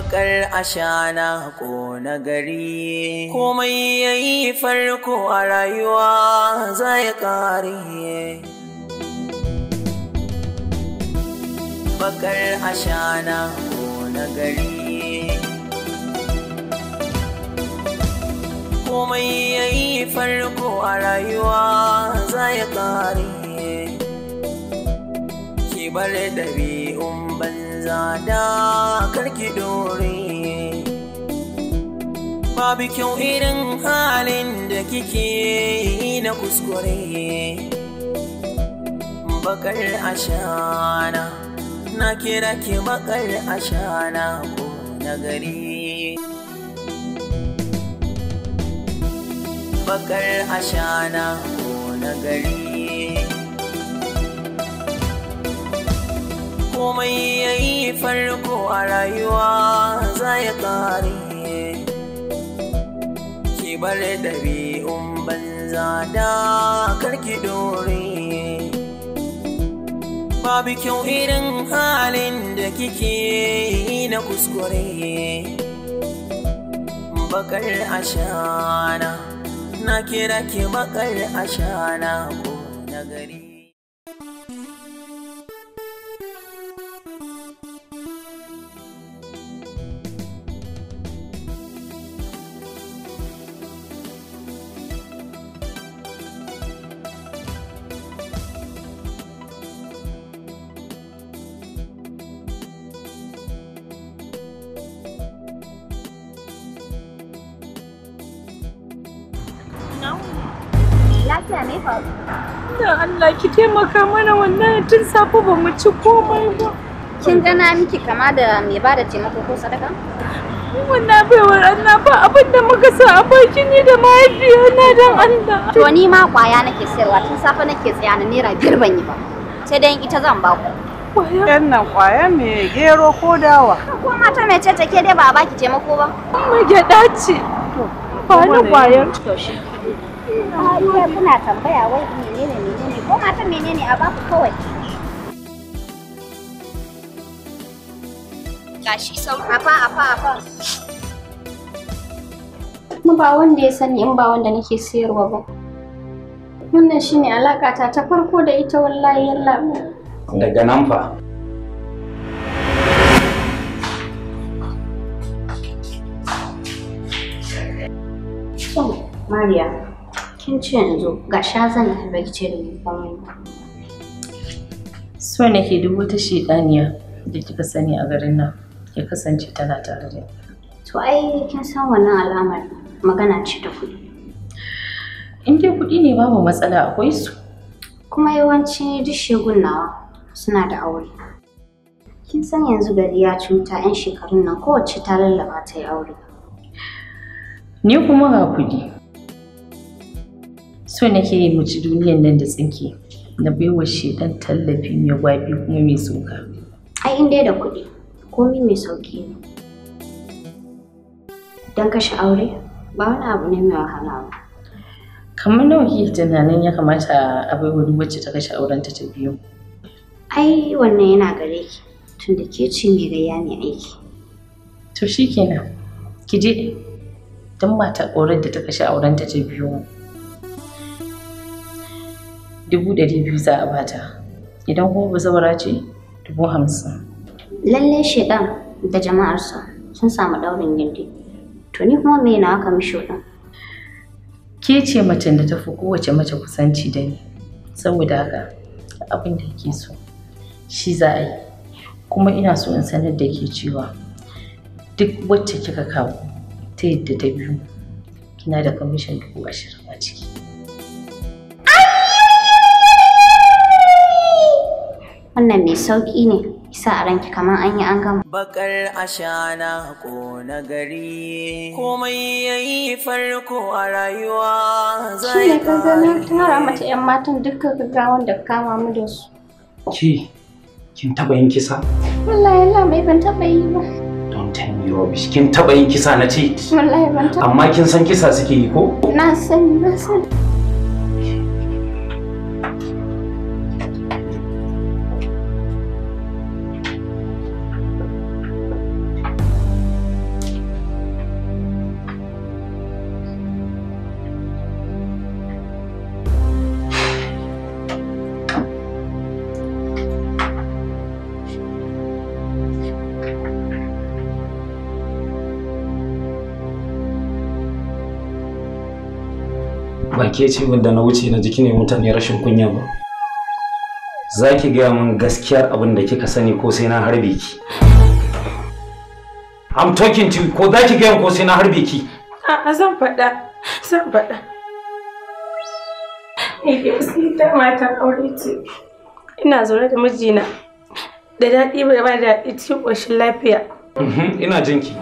bakar ashana ko na gari komai yayi farko a rayuwa zai kare bakar ashana ko na gari komai yayi farko a rayuwa zai kare ki bar dabi'un zada karki dore babu kyau irin halin da kike yi na kuskure bakar ashana na kira ki bakar ashana ko na bakar ashana ko nagari. komai ya yi farko a rayuwa za ya ƙare ki bar ɗabi'un banza da karki dore babu kyau irin halin da kike yi na kuskure bakar ashana na kira ki bakar ashana ko na lafiya ne faru? Da Allah ki taimaka mana wannan tun safe ba mu ci komai ba. Kin gana miki kama da mai ba da taimako ko sadaka? Wannan baiwar Allah ba abin da muka sa a bakin ni da na don Allah. To ni ma kwaya nake sayarwa tun safe nake tsaya na naira biyar ban yi ba. Sai dai ita zan ba ku. kwaya? Yan nan kwaya me gero ko dawa. Ko mata mai ce take dai ba a baki taimako ba. Mu gyaɗa ce. Ba ni kwayar. kullum kuna tambaya wai menene menene ko matan menene a baku kawai gashi sau afa afa afa kuma ba wanda ya sani in ba wanda nake sayarwa ba wannan shine alakata ta farko da ita wallahi yalla daga nan fa oh, Maria, kin yanzu ga sha zan tafi da ni komai so ke duk wata da kika sani a garin nan ya kasance tana tare da to ai kin san wannan alamar magana ce ta kuɗi in dai kuɗi ne babu matsala akwai su kuma yawanci duk shegun nawa suna da aure kin san yanzu gari ya cuta 'yan shekarun nan kowace ta lallaba ta yi aure ni kuma ga kuɗi so nake yi mu duniyan nan da tsinke na bai wa shedan tallafi mai gwabi kuma mai tsoka ai in dai da kuɗi komai mai sauki ne don kashe aure ba wani abu ne mai wahala ba kamar nawa kike tunanin ya kamata a baiwa duk wacce ta kashe auren ta ta biyu ai wannan yana gare ki tunda ke ce mai gayya ne aiki to shikenan ki je don mata ƙorar da ta kashe auren ta ta biyu dubu ɗari biyu za a bata idan kuma bazawara ce dubu hamsin lalle shaidan da jama'arsa sun samu ɗaurin gindi to ni kuma me na aka mishi ke ce macen da ta fi kowace mace kusanci da ni saboda haka abin da ke so shi za a yi kuma ina so in sanar da ke cewa duk wacce kika kawo ta yadda ta biyu kina da kamishin dubu ashirin a ciki wannan mai sauƙi ne isa a ranki kamar an yi an gama. Bakar ashana ko na gari komai ya yi farko a rayuwa zai Shi ne ka zama tara mata 'yan matan dukkan gaggawan da kama mu da su. Ki kin taɓa yin kisa? Wallahi Allah mai ban taɓa yi ba. Don't tell me rubbish kin taɓa yin kisa na ce? Wallahi ban taɓa. Amma kin san kisa suke yi ko? Na san na san. ciwon da na wuce na jiki ne mutane rashin kunya ba za ki gaya min gaskiyar abin da kika sani ko sai na harbe ki I'm talking to you ko za ki gaya ko sai na harbe ki a zan faɗa zan faɗa mata aure ce ina zaune da mijina da daɗi ba da daɗi cikin ƙoshin lafiya mhm, ina jinki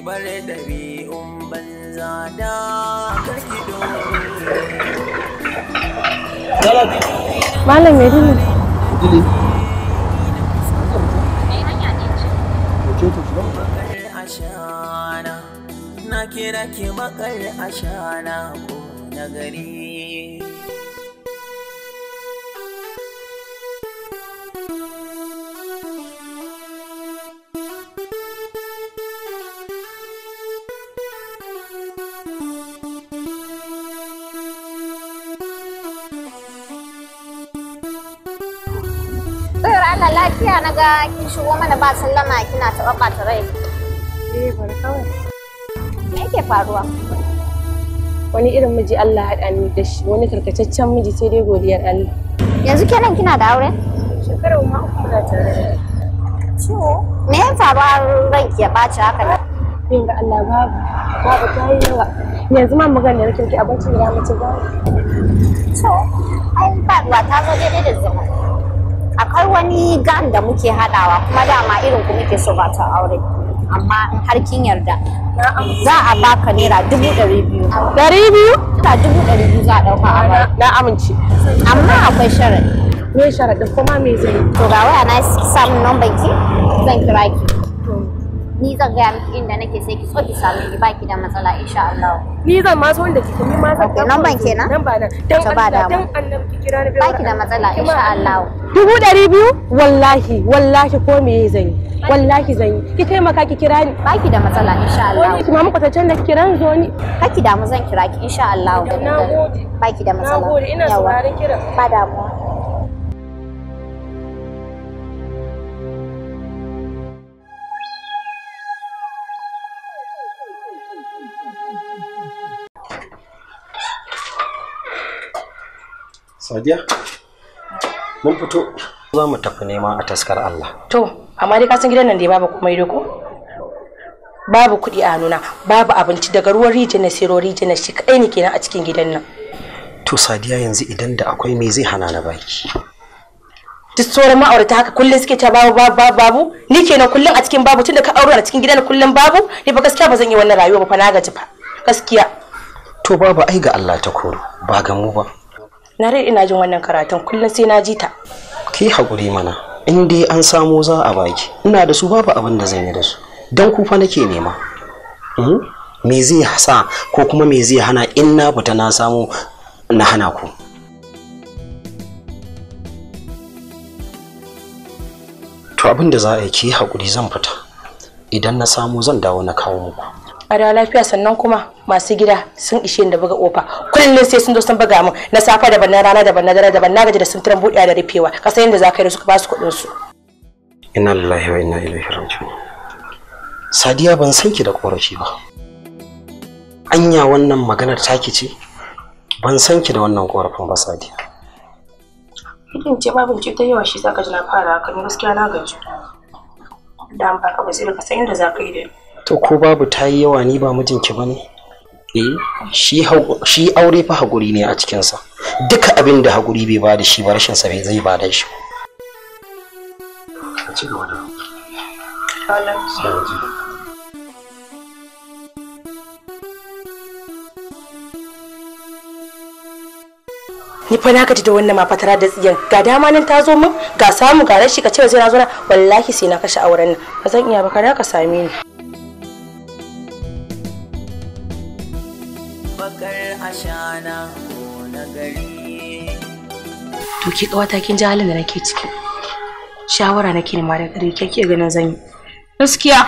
ki bar ɗabi'un banza da karki Malam ya dini. Dini. Na kira ki bakar ashana ko na gari na ga kin shigo mana ba sallama kina taɓa ɓata rai. Eh bari kawai. Me yake faruwa? Wani irin miji Allah haɗa ni da shi wani karkataccen miji sai dai godiyar Allah. Yanzu kenan kina da aure? Shekarar ma uku na tare. Ciwo? Me ya faru har ranki ya ɓaci haka ne? Yin ga Allah babu. Babu ta yi yawa. Yanzu ma maganar kirki abincin ya mace babu. To, ai faɗuwa ta zo daidai da zama. akwai wani gan da muke hadawa kuma dama irin ku muke so ba ta aure amma in har kin yarda za a baka naira dubu ɗari biyu ɗari biyu ta dubu ɗari biyu za a ɗauka a na amince amma akwai sharaɗi me sharaɗi kuma me zai to ga waya na samun nomban ki zan kira ki ni zan gaya miki inda nake sai ki tsoki samu ki baki da matsala insha Allah ni zan ma so inda kike ni ma zan nan ban kenan nan ba nan dan Allah dan annabi ki kira ni baki da matsala insha Allah dubu ɗari biyu wallahi wallahi ko me zan yi wallahi zan yi ki taimaka ki kira ni baki da matsala insha Allah ki mamu kwatancen da kiran zo ni kaki mu zan kira ki insha Allah nagode baki da matsala nagode ina sauraron kira ba damuwa Sadiya? mun fito za mu tafi nema a taskar Allah to amma dai ka san gidan nan da babu komai da ko babu kuɗi a nuna babu abinci daga ruwan rijina ruwan rijina shi kaɗai ne kenan a cikin gidan nan to sadiya yanzu idan da akwai me zai hana na baki duk sauran ma'aurata haka kullum suke ta babu babu babu ni kenan kullum a cikin babu tunda ka aure a cikin gidan kullum babu ni ba gaskiya ba zan yi wannan rayuwa ba fa na gaji fa gaskiya to babu ai ga Allah ta koro ba ga mu ba na rai ina jin wannan karatun kullum sai na ji ta ki hakuri mana in dai an samo za a baki ina da su babu abin da zan yi da su don kufa nake nema hmm? me zai hasa, ko kuma me zai hana in na fita na samu na hana ku to abin da za a yi ki hakuri zan fita idan na samu zan dawo na kawo muku a da lafiya sannan kuma masu gida sun ishe da buga kofa kullum sai sun zo sun buga mu na safa daban na rana daban na dare daban na gaji da sun turan buɗe da rufewa san yadda za ka yi ka ba su kuɗin su inna lillahi wa inna ilaihi raji'un sadiya ban san ki da ƙorafi ba anya wannan maganar taki ce ban san ki da wannan ƙorafin ba sadiya Ikin ce babin ce ta yawa shi zaka ji na fara kan gaskiya na gaji. Da an ka ba sai ka san inda zaka yi da ni. to ko babu ta yi yawa ni ba mijinki ba ne eh shi aure fa haguri ne a cikinsa duka abin da haguri bai ba da shi ba rashin sa bai zai ba da shi ni fa na gaji da wannan ma fatara da tsiyan ga dama nan ta zo min ga samu ga rashi ka ce zai na zo na wallahi sai na kashe auren nan ba zan iya ba ka ka same ni shana ko na gari to ki kin ji halin da nake ciki shawara nake nema da gare ki ke ganin zan yi gaskiya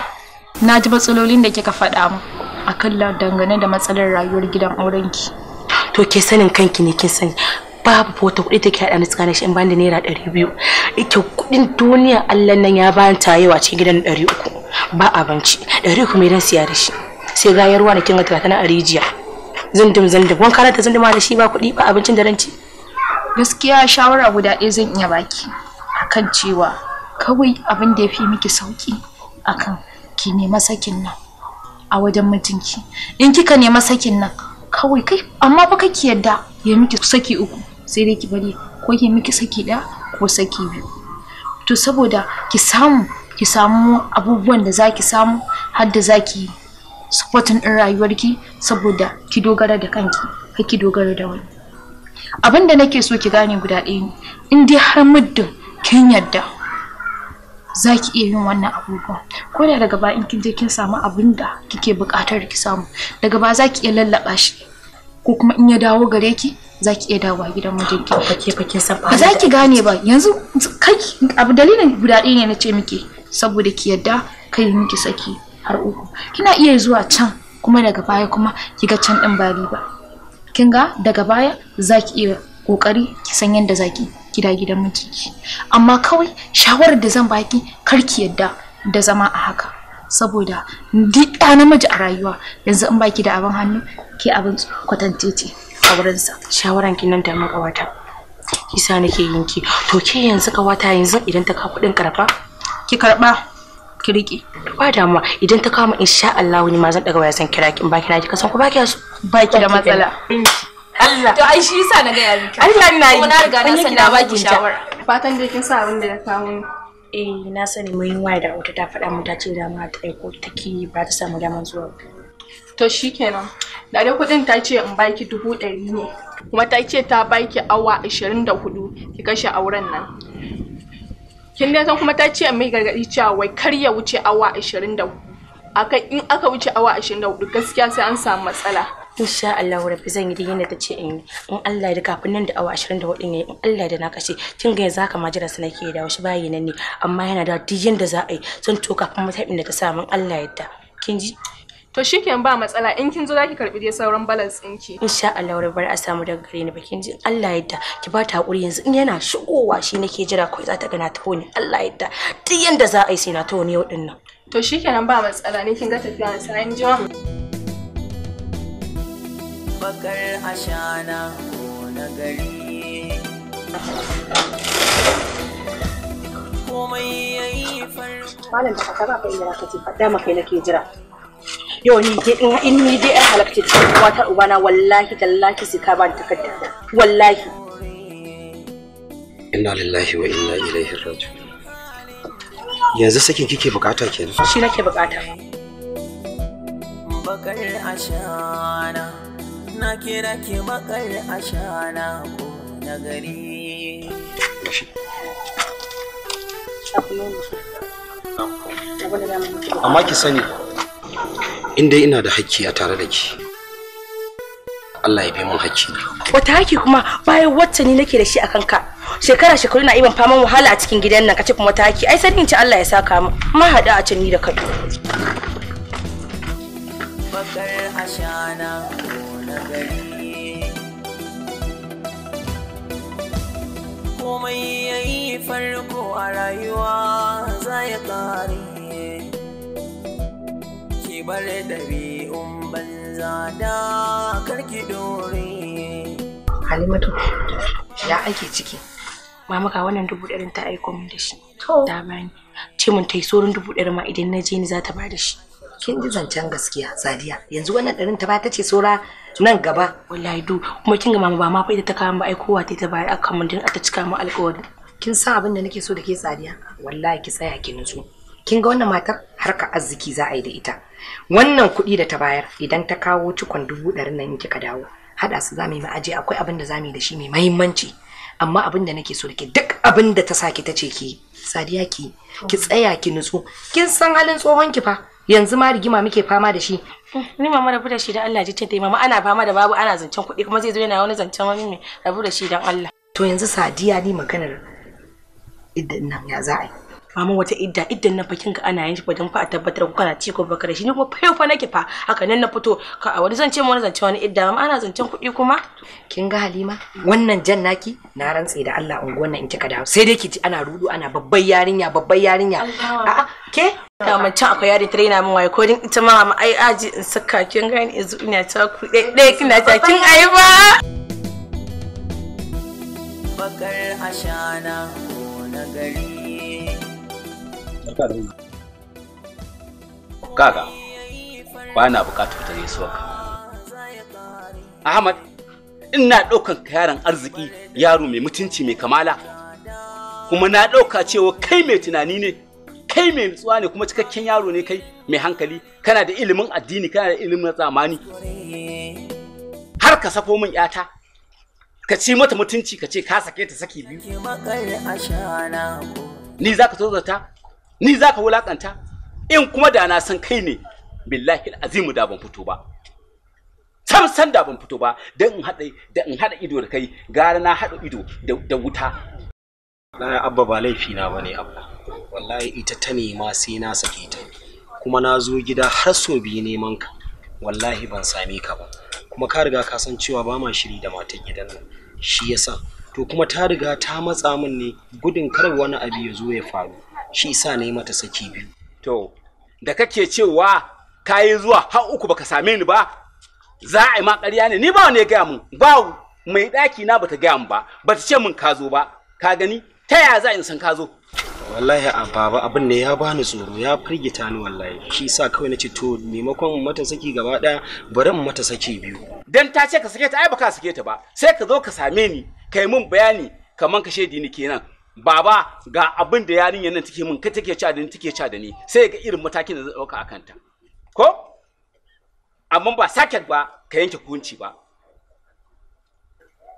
na ji matsalolin da kika faɗa mu akalla dangane da matsalar rayuwar gidan aurenki to ke sanin kanki ne kin sani babu wata kuɗi take haɗa ni tsakanin shi in bani naira ɗari biyu Ike kuɗin duniya allah nan ya bani ta yawa cikin gidan ɗari uku ba abinci ɗari uku mai dan siya da shi sai gayarwa na kinga tana a rijiya zindum zindum wanka na ta ma da shi ba kuɗi ba abincin da ranci gaskiya shawara guda ɗaya zan iya baki akan cewa kawai abin da ya fi miki sauki akan ki nema sakin nan a wajen mijinki in kika nema sakin nan kawai kai amma fa kake yadda ya miki saki uku sai dai ki bari ko ya miki saki ɗaya ko saki biyu to saboda ki samu ki samu abubuwan da zaki samu har da zaki yi supporting ɗin rayuwarki saboda ki dogara da kanki ka ki dogara da wani abin da nake so ki gane guda ɗaya ne in dai har muddin kin yadda za ki iya yin wannan abubuwan ko da daga ba in kin je kin samu abin da kike buƙatar ki samu daga ba za ki iya lallaɓa shi ko kuma in ya dawo gare ki za ki iya dawowa gidan mijinki fake fake san ba za ki gane ba yanzu kai abu dalilin guda ɗaya ne na ce miki saboda ki yadda kai miki saki har uku kina iya zuwa can kuma daga baya kuma kiga can din ba riba kin ga daga baya zaki iya kokari ki san yadda zaki gida gidan mutunci amma kawai shawarar da zan baki kar ki yadda da zama a haka saboda duk ɗa namiji a rayuwa yanzu in baki da abin hannu ke abin kwatantace a wurinsa shawaran ki nan da makawata kisa nake yinki to ke yanzu kawata yanzu idan ta ka kuɗin karfa ki karba ki rike ba damuwa idan ta kama insha Allah ni ma zan daga waya san kira kin ba kina ki kasan ko ba ki so ba ki da matsala Allah to ai shi yasa na ga ya miki Allah na yi na riga na san da ba ki shawara fatan dai kin sa abin da ya kawo eh na sani mun yi waya da wata ta faɗa mu ta ce da ma ta aiko take ba ta samu daman zuwa to shikenan da dai kudin ta ce in baki dubu ɗari ne kuma ta ce ta baki awa ashirin da hudu ki kashe auren nan kin dai san kuma ta ce mai gargadi cewa wai kar ya wuce awa 24 akan in aka wuce awa 24 gaskiya sai an samu matsala insha Allah rabbi zan yi yadda ta ce in in Allah ya kafin nan da awa 24 din yayi in Allah da na kashe kin ga yanzu haka majira su nake da shi bayi nan ne amma yana da dijin da za a yi zan to kafin mutane da ta samu Allah ya yarda kin ji To shikenan ba matsala in kin zo zaki karbi dai sauran balance ki. Insha Allah wani bar a samu daga gare ni bakin ji Allah yadda ki ba ta hakuri yanzu in yana shigowa shi nake jira kai za ta gana ta wani Allah yadda duk yanda za a yi sai na ta wani yau din nan. To shikenan ba matsala ne kin ga tafiya sai an jima. Bakar ashana ko na gari. Malam da ka ba kai da ka ce faɗa maka nake jira. yau ni dai in in ni dai an halakta cikin ubana wallahi tallahi sai ka ba takarda wallahi inna lillahi wa inna ilaihi raji'un yanzu sakin kike bukata kenan shi nake bukata bakar ashana na kira ki bakar ashana ko na gari amma ki sani in dai ina da hakki a tare da ki Allah ya bi mun hakki wata haki kuma bayan wacce ni nake da shi a kanka shekara shekaru na iban faman wahala a cikin gidan nan kace kuma wata haki ai sanin ci Allah ya saka mu ma hada a can ni da kai komai yayi farko a rayuwa za ya kare bar ɗabi'un banza da karki dore. Halimatu, ya ake ciki? Mama ga wannan dubu ɗarin ta aiko min da shi. Da bani. Ce mun ta yi dubu ɗarin ma idan na je ni za ta ba da shi. Kin ji zancen gaskiya, Sadiya. Yanzu wannan ɗarin ta ba ta ce saura nan gaba. Wallahi du, kuma kin ga mama ba ma fa ita ta kawo ba aikowa ta ta bayar aka mun din ta cika mu alƙawari. Kin san abin da nake so da ke Sadiya? Wallahi ki tsaya ki nutsu. kin ga wannan matar harka arziki za a yi da ita wannan kuɗi da ta bayar idan ta kawo cikon dubu ɗari nan in kika dawo haɗa su za mu yi ma'aje akwai abin da za mu yi da shi mai mahimmanci amma abin da nake so da ke duk abin da ta saki ta ce ki sadiya ki ki tsaya ki nutsu kin san halin tsohon ki fa yanzu ma rigima muke fama da shi ni mama rabu da shi dan Allah ji ta mama ana fama da babu ana zancen kuɗi kuma zai zo yana wani zancen mami mai rabu da shi dan Allah to yanzu sadiya ni maganar idan nan ya za a yi mama wata idda iddan na bakin ka ana yin shi wajen fa a tabbatar kuka kana ci ko baka da shi ni kuma fa yau fa nake fa haka nan na fito ka a wani zance wani zance wani idda mama ana zancen kuɗi kuma kin ga Halima wannan jan naki na rantse da Allah unguwan nan in kika dawo sai dai ki ji ana rudu ana babban yarinya babban yarinya a'a ke da man can akwai yari trainer min waye kodin ita ma mama ai aji in saka kin ni yanzu ina ta ku dai kina ta kin ai ba bakar ashana ko na Kaga, ba na bukatar ta gaisuwa ka. Ahmad, ina ɗaukan yaron arziki yaro mai mutunci mai kamala. Kuma na ɗauka cewa kai mai tunani ne, kai mai nutsuwa ne kuma cikakken yaro ne kai mai hankali, kana da ilimin addini, kana da ilimin zamani. Har ka sako min 'yata, ka ci mata mutunci ka ce ka sake ta saki biyu. Ni za ka so ta. ni za ka wulakanta in kuma da na san kai ne billahi azimu da ban fito ba sam san da ban fito ba dan in hada da in hada ido da kai gara na hada ido da wuta na abba ba laifi na bane abba wallahi ita ta nema sai na sake ta kuma na zo gida har so biyu neman ka wallahi ban same ka ba kuma ka riga ka san cewa ba ma shiri da matan gidan nan shi yasa to kuma ta riga ta matsa min ne gudun kar wani abu ya zo ya faru shi sa na mata saki biyu to da kake cewa ka zuwa har uku baka same ni ba za a yi ma ƙarya ne ni ba wani ya gaya mun ba mai ɗaki na bata gaya mun ba bata ce mun ka zo ba ka gani ta yaya za in san ka zo wallahi a baba abin ne ya bani tsoro ya firgita ni wallahi shi sa kawai na ce to maimakon mata saki gaba ɗaya bari mu mata saki biyu dan ta ce ka sake ta ai baka sake ta ba sai ka zo ka same ni kai mun bayani kamar ka shedi ni kenan baba ga abin da yarinyar nan take min ka take cha da ni take cha da ni sai ga irin matakin da zai dauka akan ta ko amma ba saket ba ka yanke hukunci ba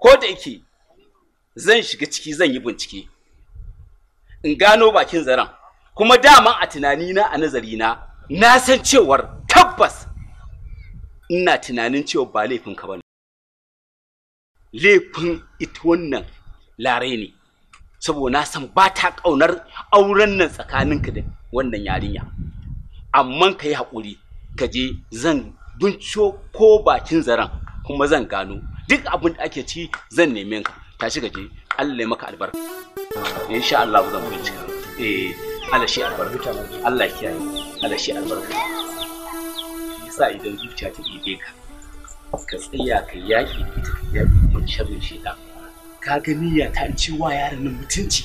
ko da yake zan shiga ciki zan yi bincike in gano bakin zaran? kuma dama a tunani na a nazarina na san cewar tabbas ina tunanin cewa ba laifin ka bane laifin ita wannan lare ne saboda na san ba ta ƙaunar auren nan tsakaninka da wannan yarinya amma ka yi haƙuri ka je zan binciko ko bakin zaren kuma zan gano duk abin da ake ci zan neme ka tashi ka je Allah ya maka albarka insha Allah zan bincika eh Allah shi albarka Allah kiyaye Allah shi albarka sa idan zuciya ta ɗebe ka ka tsaya ka yaki ita ka yaki mun shi shaitan ka niyya ta ci wa yaron nan mutunci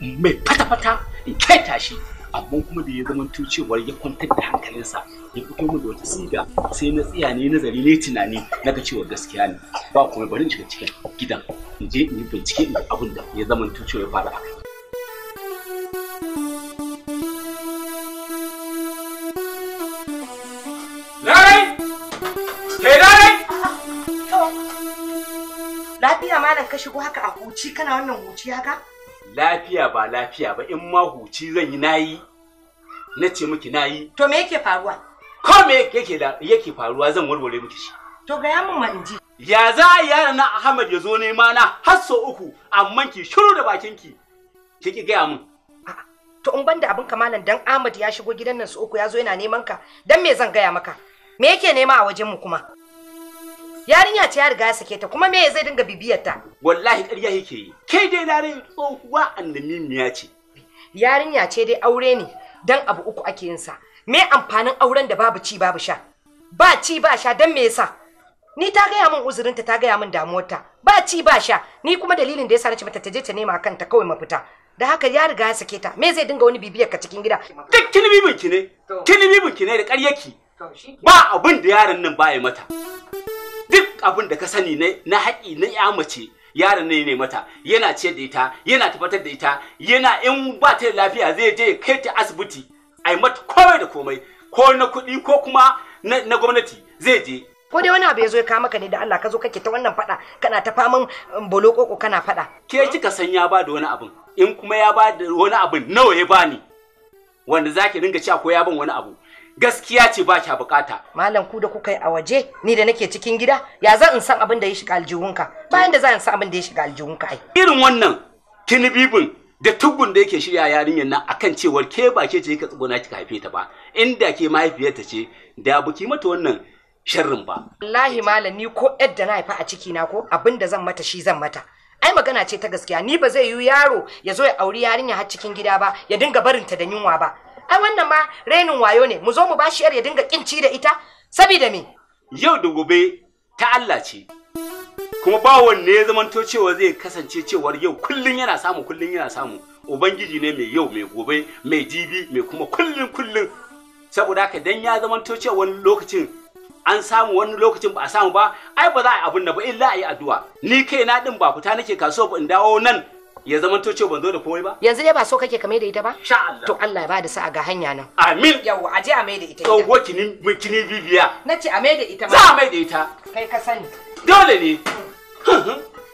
mai fata-fata in kaita shi amma kuma da ya zama cewar ya kwantar da hankalinsa ya fito mu da wata siga sai na tsiya ne nazari ne tunani na ga cewa gaskiya ne ba kuma bari in shiga cikin gidan in je in yi bincike abin da ya zama cewa ya fara a ka shigo haka a huci kana wannan huci haka? Lafiya ba lafiya ba in ma huci zan yi nayi. Na ce miki nayi. To me yake faruwa? Ko me yake yake faruwa zan warware miki shi. To ga ya mun ma inji. Ya za yana na Ahmad ya zo nema na har so uku amma ki shiru da bakin ki. Ki ki gaya mun. To in banda abin kamalan dan Ahmad ya shigo gidan nan su uku ya zo yana neman ka dan me zan gaya maka? Me yake nema a wajen mu kuma? yarinya ce ya riga ya sake ta kuma me zai dinga bibiyar ta wallahi ƙarya yake yi kai dai na tsohuwa annamimiya ce yarinya ce dai aure ne dan abu uku ake yin sa me amfanin auren da babu ci babu sha ba ci ba sha dan me yasa ni ta gaya min uzurin ta ta gaya min ta ba ci ba sha ni kuma dalilin da yasa ce mata ta je ta nema kanta kawai mafita da haka ya riga ya sake ta me zai dinga wani bibiyar ka cikin gida duk kilibibin ki ne kilibibin ki ne da ƙaryaki ba abin da yaron nan ba ya mata duk abin da ka sani na haƙi na ya mace yaron ne ne mata yana ciyar da ita yana tabbatar da ita yana in ba ta lafiya zai je kai ta asibiti ai mata komai da komai ko na kuɗi ko kuma na gwamnati zai je ko dai wani abu ya zo ya kawo maka ne da Allah ka zo kake ta wannan fada kana ta faman um, bolokoko kana fada ke kika san ya ba da wani abin in kuma ya ba da wani abin nawa ya bani wanda zaki ringa cewa ko ya ban wani abu gaskiya ce ba kya bukata malam ku da kuka yi a waje ni da nake cikin gida ya zan in san abin da ya shiga aljihunka bayan da za in san abin da ya shiga aljihunka ai irin wannan kinibibin da tugun da yake shirya yarinyar nan akan cewar ke ba ke ce ka tsugona kika haife ta ba inda ke mahaifiyarta ce da buki mata wannan sharrin ba wallahi malam ni ko yadda na haifa a ciki na ko abin da zan mata shi zan mata ai magana ce ta gaskiya ni ba zai yi yaro ya zo ya auri yarinya har cikin gida ba ya dinga barinta da yunwa ba ai wannan ma renin wayo ne mu zo mu bashi yar ya dinga kinci da ita saboda me yau da gobe ta Allah ce kuma ba wanne ya zamanto cewa zai kasance cewa yau kullun yana samu kullun yana samu ubangiji ne mai yau mai gobe mai jibi mai kuma kullun kullun saboda haka dan ya zamanto cewa wani lokacin an samu wani lokacin ba a samu ba ai ba za a yi abin da ba illa a yi addu'a ni kai na din ba fita nake kasuwa ba in dawo nan ya zama to ce ban zo da komai ba yanzu dai ba so kake ka da ita ba sha Allah to Allah ya bada sa'a ga hanya nan amin yawa a je a mai da ita tsawo kini kini bibiya nace a mai da ita za a mai da ita kai ka sani dole ne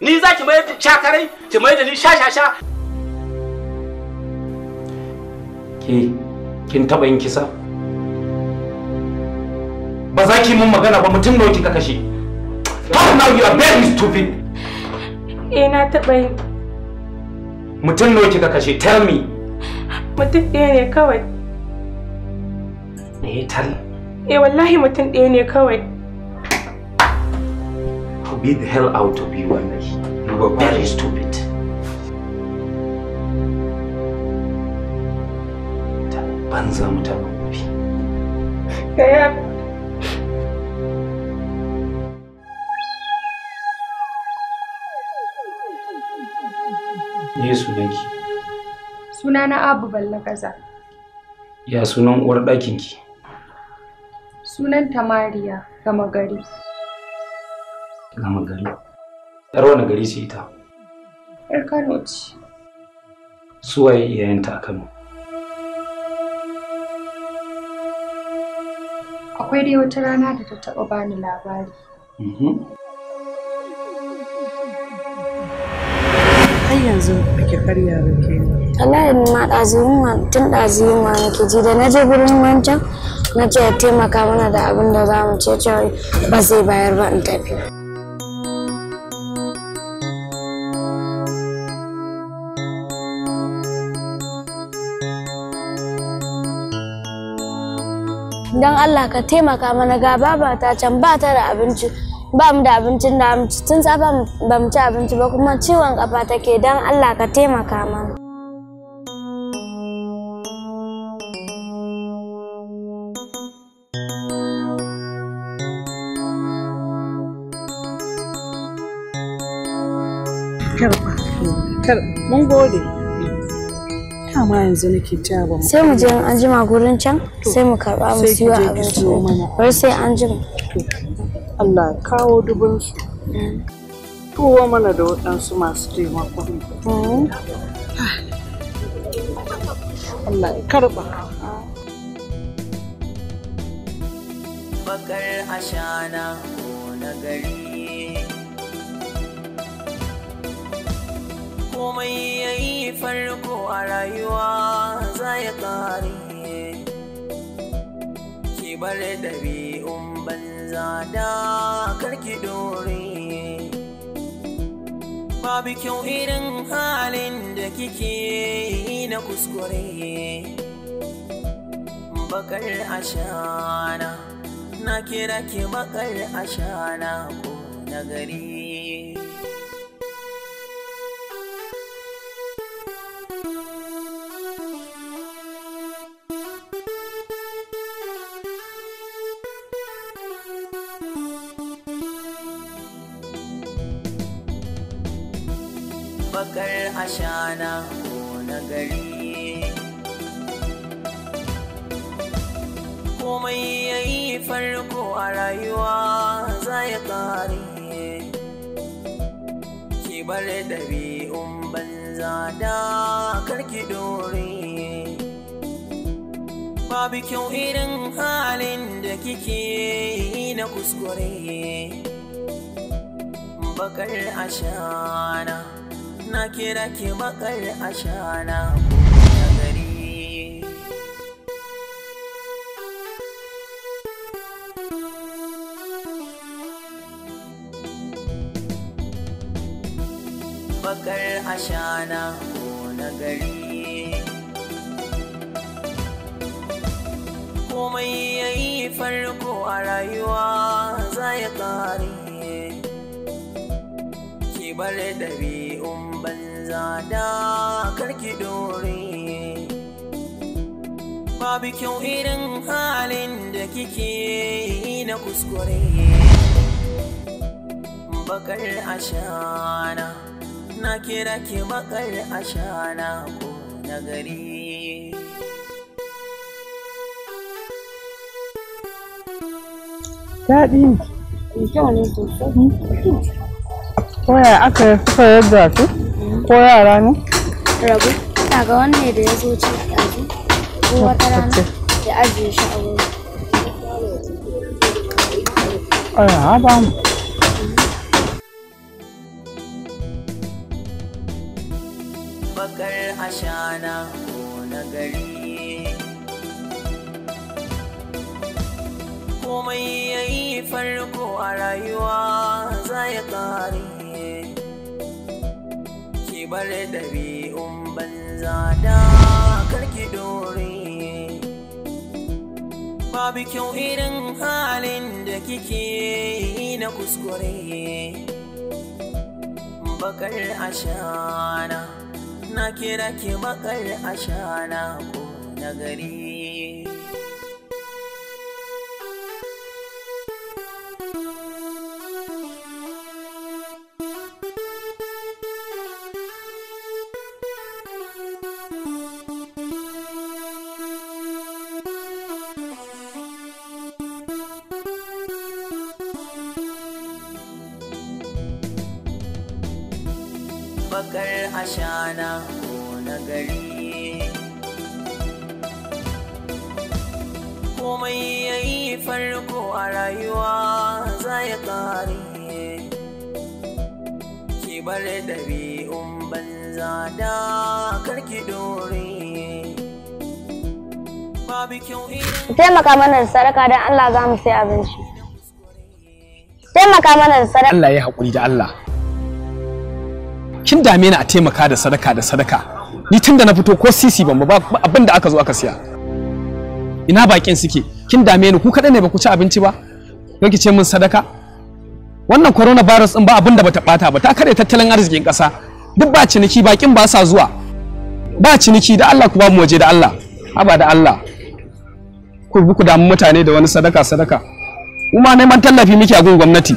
ni za ki mai da chakarai ki mai da ni sha sha sha ke kin taba yin kisa ba za ki mun magana ba mutum nawa kika kashe How now you are very stupid. Eh na taɓa yin mutum nawa kika kashe tell me mutum ɗaya ne kawai ne tal eh wallahi mutum ɗaya ne kawai to be the hell out of you wallahi you were very stupid banza mutane ka yafi Me sunanki? na Abu Ballagaza. Ya sunan uwar ɗakinki? Sunanta Mariya Gama Gari. Gama Gari. Yar wani gari ce ita? Yar Kano ce. Suwaye iyayenta a Kano? Akwai dai wata rana da ta taɓa bani labari. Mhm. har yanzu kake karya da ke wallahi ma tun ɗazu yunwa nake ji da na je gurin wancan na ce taimaka mana da abin da za mu ce cewa ba zai bayar ba in tafi don Allah ka taimaka mana ga baba ta can ba ta da abinci ba mu da abincin da mu tun safe ba mu ci abinci ba kuma ciwon kafa take don Allah ka taimaka mana kar mun gode dama yanzu nake sai mu je an jima gurin can sai mu karba mu siyo abinci bar sai an jima Allah ya kawo dubinsu kowa mm. mana da waɗansu masu taimakon mm. ah. Allah ya karɓa bakar ashana ko na gari komai ya yi farko a rayuwa za ya ke bar ɗabi'un kar karki dore babu kyau irin halin da kike yi na kuskure bakar ashana na kira ki bakar ashana ko nagari. farko a rayuwa za ya ƙare ki bar ɗabi'un banza da karki dore babu kyau irin halin da kike yi na kuskure bakar ashana na kira ki bakar ashana ashana ko na gari komai ya yi farko a rayuwa za ya kare ki bar ɗabi'un banza da karki dore babu kyau irin halin da kike yi na kuskure bakar ashana na kira ke bakar ashana ko na gari daɗi hmm? ko ya aka suka yadda su hmm. ko yara ne rabu ina ga wanne da ya zo ci ɗazu ko wata rana ya ajiye shi a wuri Aya, ba mu. ashana ko na gari komai ya yi farko a rayuwa za ya kare ki bar ɗabi'un banza da karki dore babu kyau irin halin da kike yi na kuskure bakar ashana na kira ke bakar ashana ko na gari taimaka mana da sadaka don Allah za mu sai abinci taimaka mana da sadaka Allah ya haƙuri da Allah kin dame ni a taimaka da sadaka da sadaka ni tun da na fito ko sisi ban ba abin da aka zo aka siya ina bakin suke kin dame ni ku kaɗai ne ba ku ci abinci ba don ki ce min sadaka wannan coronavirus din ba abin da bata bata ba ta kare tattalin arzikin ƙasa duk ba ciniki bakin ba sa zuwa ba ciniki da Allah ku ba mu waje da Allah haba da Allah ku ku damu mutane da wani sadaka sadaka kuma neman tallafi muke a gun gwamnati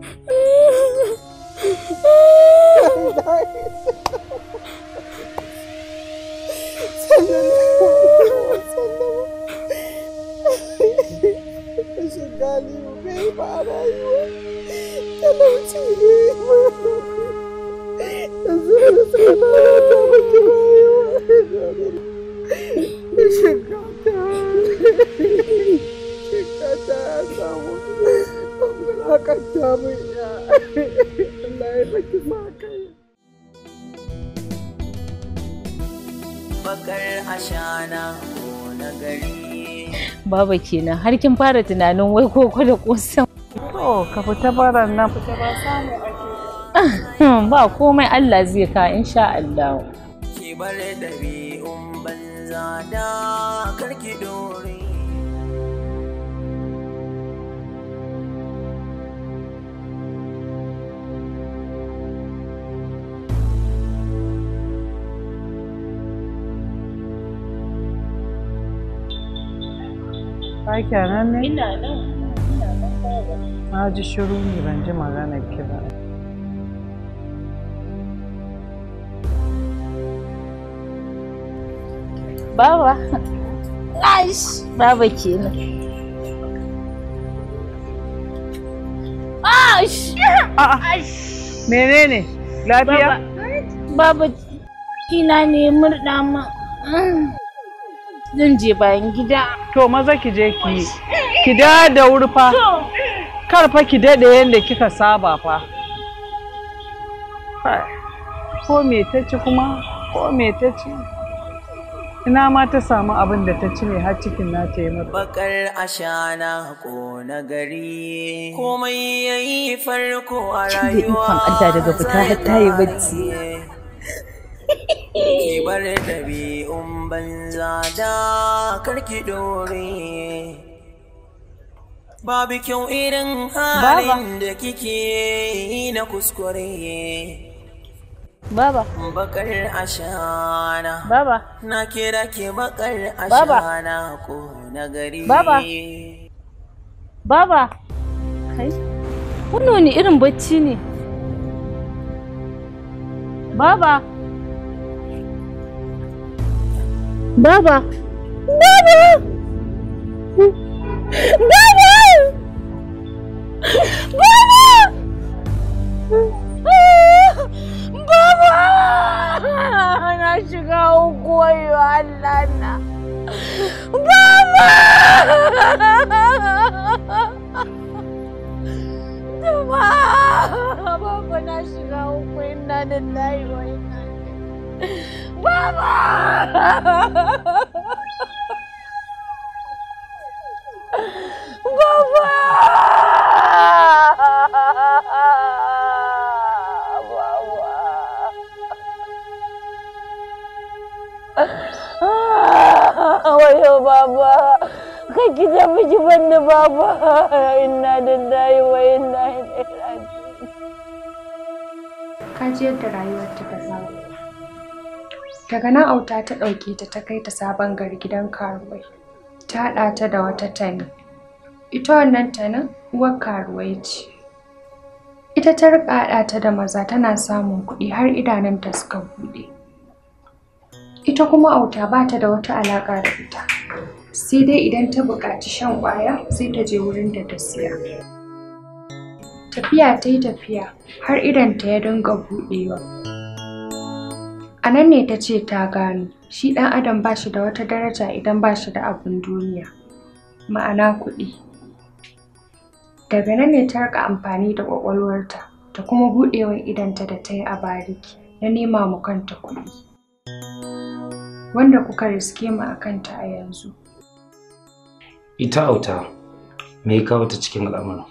baba kenan har kin fara tunanin wai ko da kosan to ka fita baran nan fita ba samu ake ba komai Allah zai ka insha Allah ki bare dabi'un banza da karki dora Ba kya nan ne? Ina nan. Ina nan Na ji shiru ne ban ji maganar ki ba. Baba. Aish, baba kenan. Aish. Aish. Menene? Lafiya? Baba, kina ne murɗa ma. Mm. zan je bayan gida to maza ki je ki ki da da wuri fa kar fa ki dade yanda kika saba fa ko me ta ci kuma ko me ta ci ina ma ta samu abin da ta ci ne har cikin na ta yi mata. Bakar ashana ko na gari komai yayi farko a rayuwa. Cikin daga fita har ta yi bacci. Ki bar ɗabi'un banza da karki dore. Babu kyau irin halin da kike yi na kuskure. Baba. Bakar ashana. Baba. Na kira ke bakar ashana ko na gari. Baba. Baba. Kai. Wannan wani irin bacci ne? Baba. Baba! Baba! Baba! Baba! Baba! Na shiga uku wayo Allah na. Baba! Baba! Baba na shiga uku inna lillahi Baba! wayo baba ka ki tafi ki banni baba inna lillahi wa inna ilaihi raji'un ka ji yadda rayuwar Daga nan auta ta ɗauke ta ta kai ta sabon gari gidan karuwai. Ta haɗa ta da wata tani. Ita wannan tanin uwar karuwai ce. Ita ta riƙa haɗa ta da maza tana samun kuɗi har idanunta suka buɗe. Ita kuma auta ba ta da wata alaƙa da ita. Sai dai idan ta buƙaci shan kwaya sai ta je wurin da ta siya. Tafiya ta yi tafiya har idonta ya dinga buɗewa. A nan ne ta ce ta gano shi ɗan adam ba shi da wata daraja idan ba shi da abin duniya, ma'ana kuɗi. Daga nan ne ta rika amfani da ƙwaƙwalwarta da kuma buɗewar idonta da ta yi a bariki na nema mu kanta kuɗi. Wanda kuka riske mu a kanta a yanzu. Ita auta, me ya kawo ta cikin al'amuran?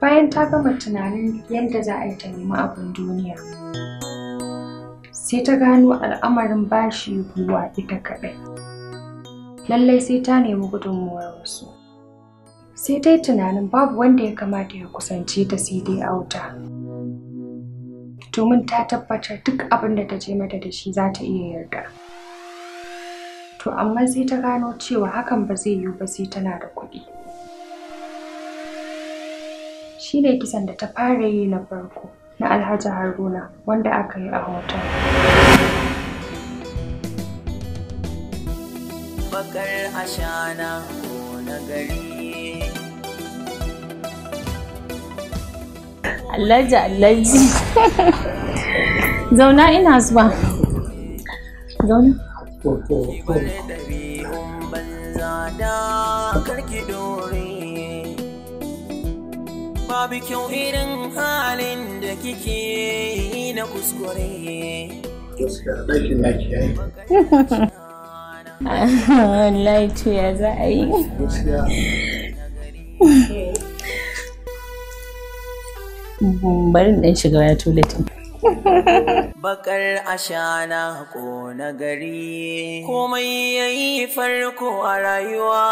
Bayan ta gama tunanin yadda za a yi ta nema abin duniya. sai ta gano al'amarin bashi ruwa ita kaɗai. Lallai sai ta nemi gudunmuwar wasu. Sai ta yi tunanin babu wanda ya kamata ya kusance ta sai dai auta. Domin ta tabbatar duk abin da ta je mata da shi za ta iya yarda. To amma sai ta gano cewa hakan ba zai yiwu ba sai tana da kuɗi. Shi ne kisan da ta fara yi na farko. na Alhaji Haruna wanda aka yi a hoton. Bakar ashana na gari Alhaji Alhaji zauna ina zuwa zauna banza da karki dore babu kyau irin halin da kike yi na kuskure wallahi ya za a Bakar ashana ko nagari komai yayi farko a rayuwa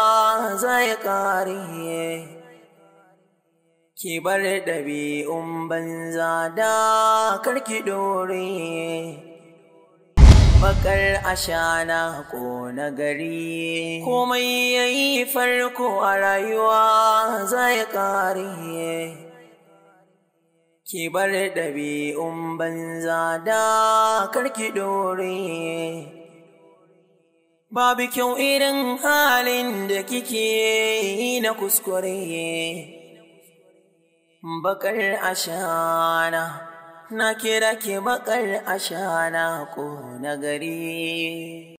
zai kare Ki bar ɗabi'un banza da karki dore. Bakar ashana ko nagari, komai ya yi farko a rayuwa zai ƙare. Ki bar ɗabi'un banza da karki dore. Babu kyau irin halin da kike yi na kuskure. bakar ashana na kira ke bakar ashana ko na gari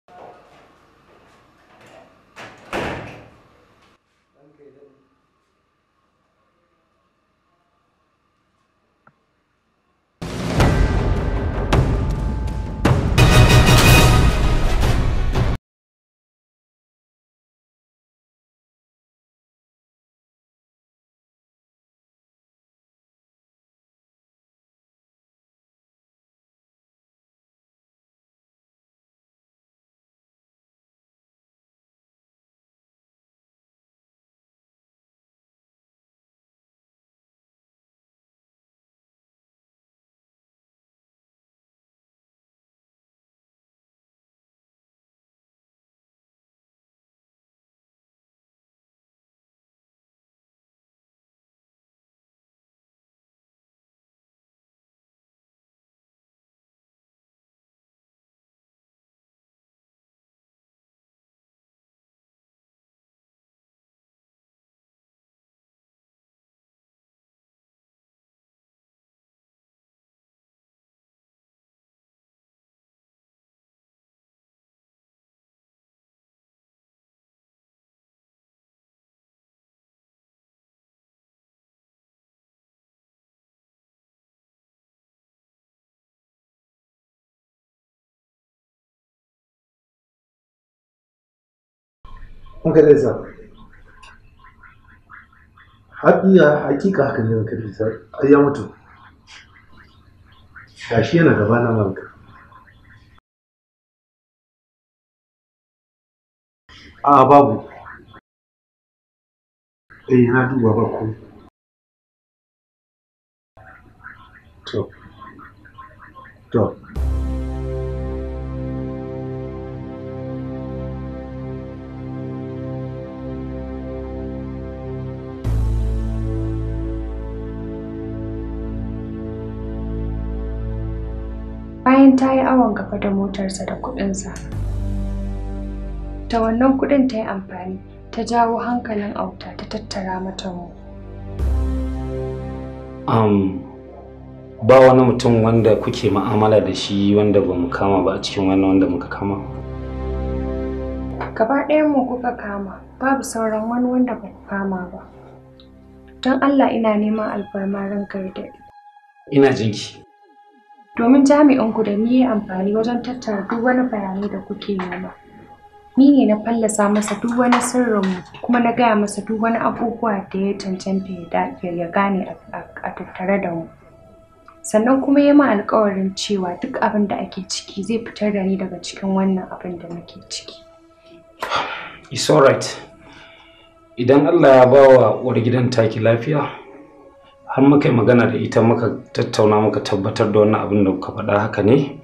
Concretização. Haƙiƙa hakika hakan ne ka bisa ya mutu. Gashi yana gaba na manka. A babu. Eh na duba ba ko. To. To. ta yi awon gaba da motarsa da kuɗinsa. Ta wannan kuɗin ta yi amfani ta jawo hankalin auta ta tattara mata mu. Um, ba wani mutum wanda kuke ma'amala da shi wanda ba mu kama ba a cikin wannan wanda muka kama? Gaba ɗayan mu kuka kama, babu sauran wani wanda ba kama ba. Don Allah ina neman alfarmarin ranka Ina jinki. domin jami'inku da ni amfani wajen tattara duk wani bayanai da kuke nema. Ni ne na fallasa masa duk wani sirrinmu kuma na gaya masa duk wani abubuwa da ya cancanta ya gane a tattare da mu. Sannan kuma ya ma alkawarin cewa duk abin da ake ciki zai fitar da ni daga cikin wannan abin da muke ciki. It's alright. Idan Allah ya ba wa uwar gidan taki lafiya, har muka yi magana da ita muka tattauna muka tabbatar da wannan abin da kuka faɗa haka ne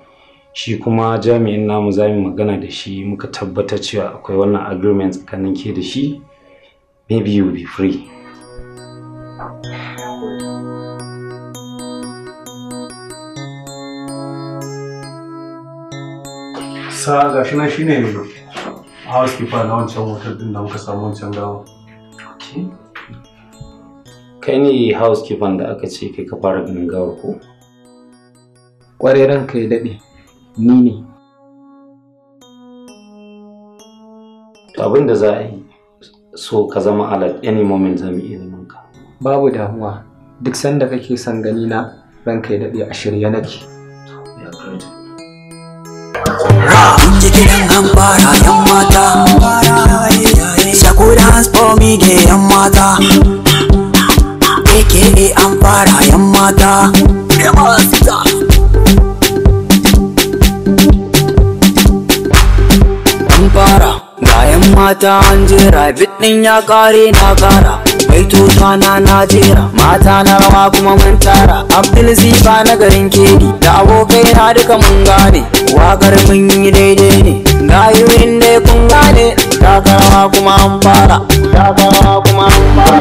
shi kuma jami'in namu za mu magana da shi muka tabbatar cewa akwai wannan agreement tsakanin ke da shi maybe you will be free sa gashi nan shine housekeeper na wancan motar din da muka samu wancan gawa kai ne housekeeper da aka ce kai ka fara ganin gawar ko ƙwarai ranka ya daɗe ni ne abin da za a yi so ka zama alert any moment za mu iya ka babu damuwa duk sanda kake son gani na ranka ya daɗe a shirye nake Kunje kiran gambara yan mata for me mata ke e an fara yan mata an fara ga yan mata an jera bit ya kare na kara mai tuta na najera mata na rawa kuma mun tara abdul zifa na garin kedi da abokai na duka mun gane wakar mun yi daidai ne gayoyin da kun gane takarawa kuma an fara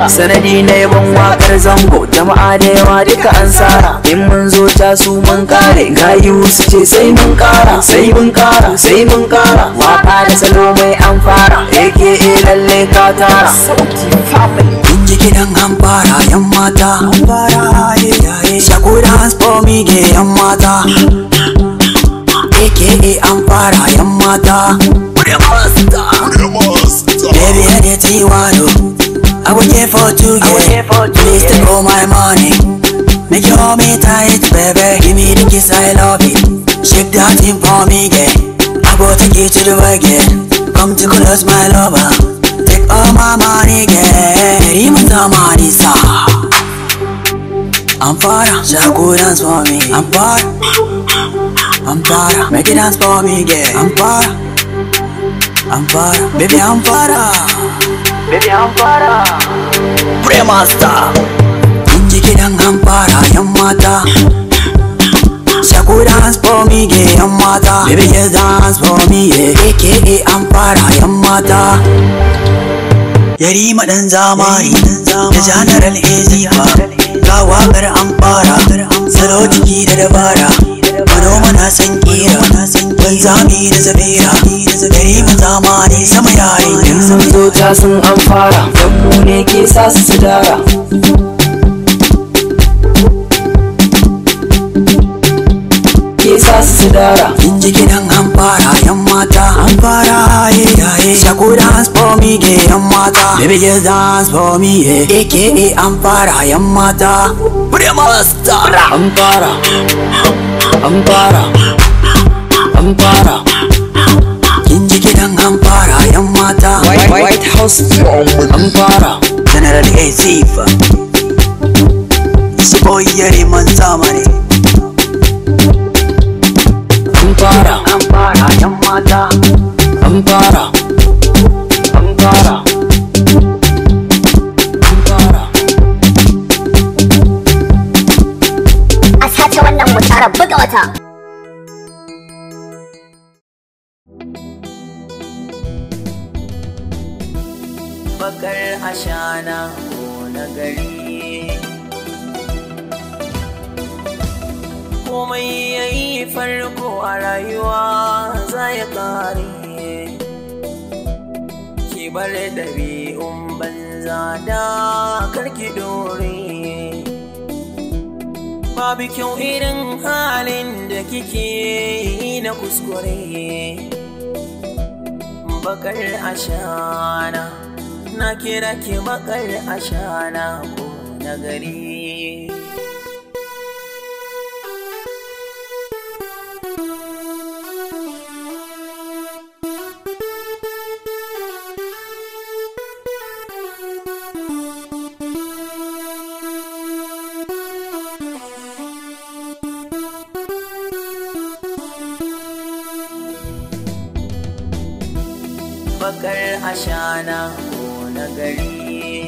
sanadi na yabon wakar zango jama'a da yawa duka ansara. in mun zo ta su mun kare gayu su ce sai mun kara sai mun kara sai mun kara waka da salo mai an fara aka lalle ka tara ji kidan an fara yan mata shakuda dance for me ge yan mata aka an fara yan mata get T1 I would care for two get Please take all my money Make your me tight baby Give me the kiss I love it Shake that thing for me get I will take you to the world get Come to close my lover Take all my money get Meri matamani sa I'm fire, Shaku dance for me I'm fire I'm fire, make it dance for me, yeah I'm fire I'm fire, baby I'm fire baby hamfara premasta kun gidan hamfara yan mata Shaku dance for me, yeah, yan mata Baby, just dance for me, yeah AKA amfara yan mata Yarima dan zamani da janar ezifa Ga waƙar amfara Salo da dabara Kano mana san kira Ban zami da zabira Gari mun zamani sama yayi Yan sun zo ta sun an fara Yan ne ke sa su dara Ke sa su dara In ji gidan an fara yan mata An fara ye eh, yaye eh. Shako dance for me ge eh, yan mata Baby just dance for me ye AKA an fara yan mata Prima star An fara an fara an fara kin ji gidan an fara yan mata white house an fara general azif su boyyare man zamani an fara an fara yan mata an fara an fara fara buga wata. Bakar ashana ko na gari Komai ya yi farko a rayuwa za ya kare Ki bar ɗabi'un banza da karki dore babu kyau irin halin da kike yi na kuskure bakar ashana na kira ki bakar ashana ko nagari. bakar ashana ko na gari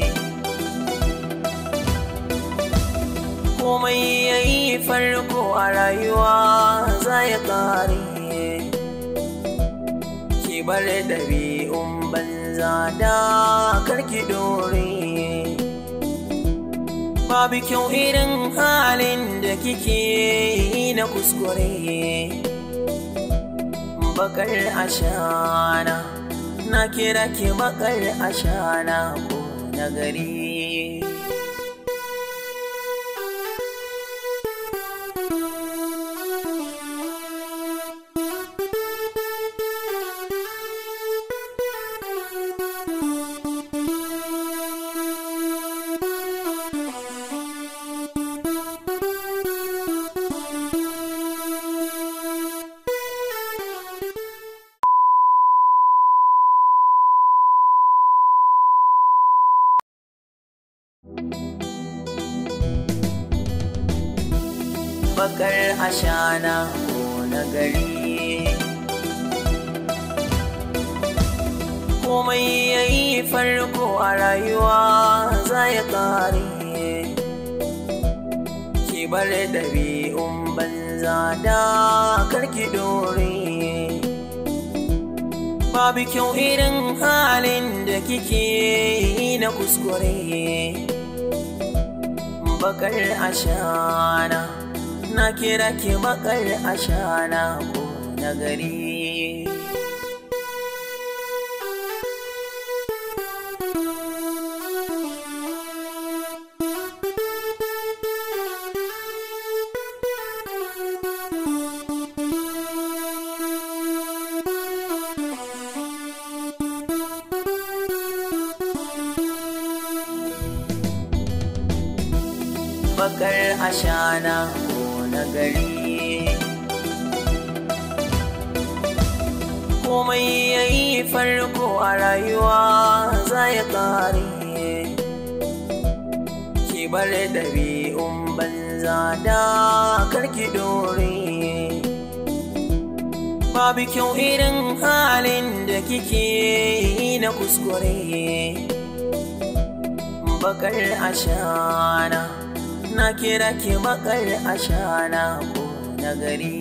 komai ya yi farko a rayuwa za ya kare ki bar ɗabi'un banza da karki dore babu kyau irin halin da kike yi na kuskure bakar ashana na kira ke bakar ashana ko nagari. babu kyau irin halin da kike yi na kuskure bakar ashana na kira ke bakar ashana ko na gari komai yayi farko a rayuwa za ya ƙare ki bar ɗabi'un banza da karki dore babu kyau irin halin da kike yi na kuskure bakar ashana na kira ke bakar ashana ko na gari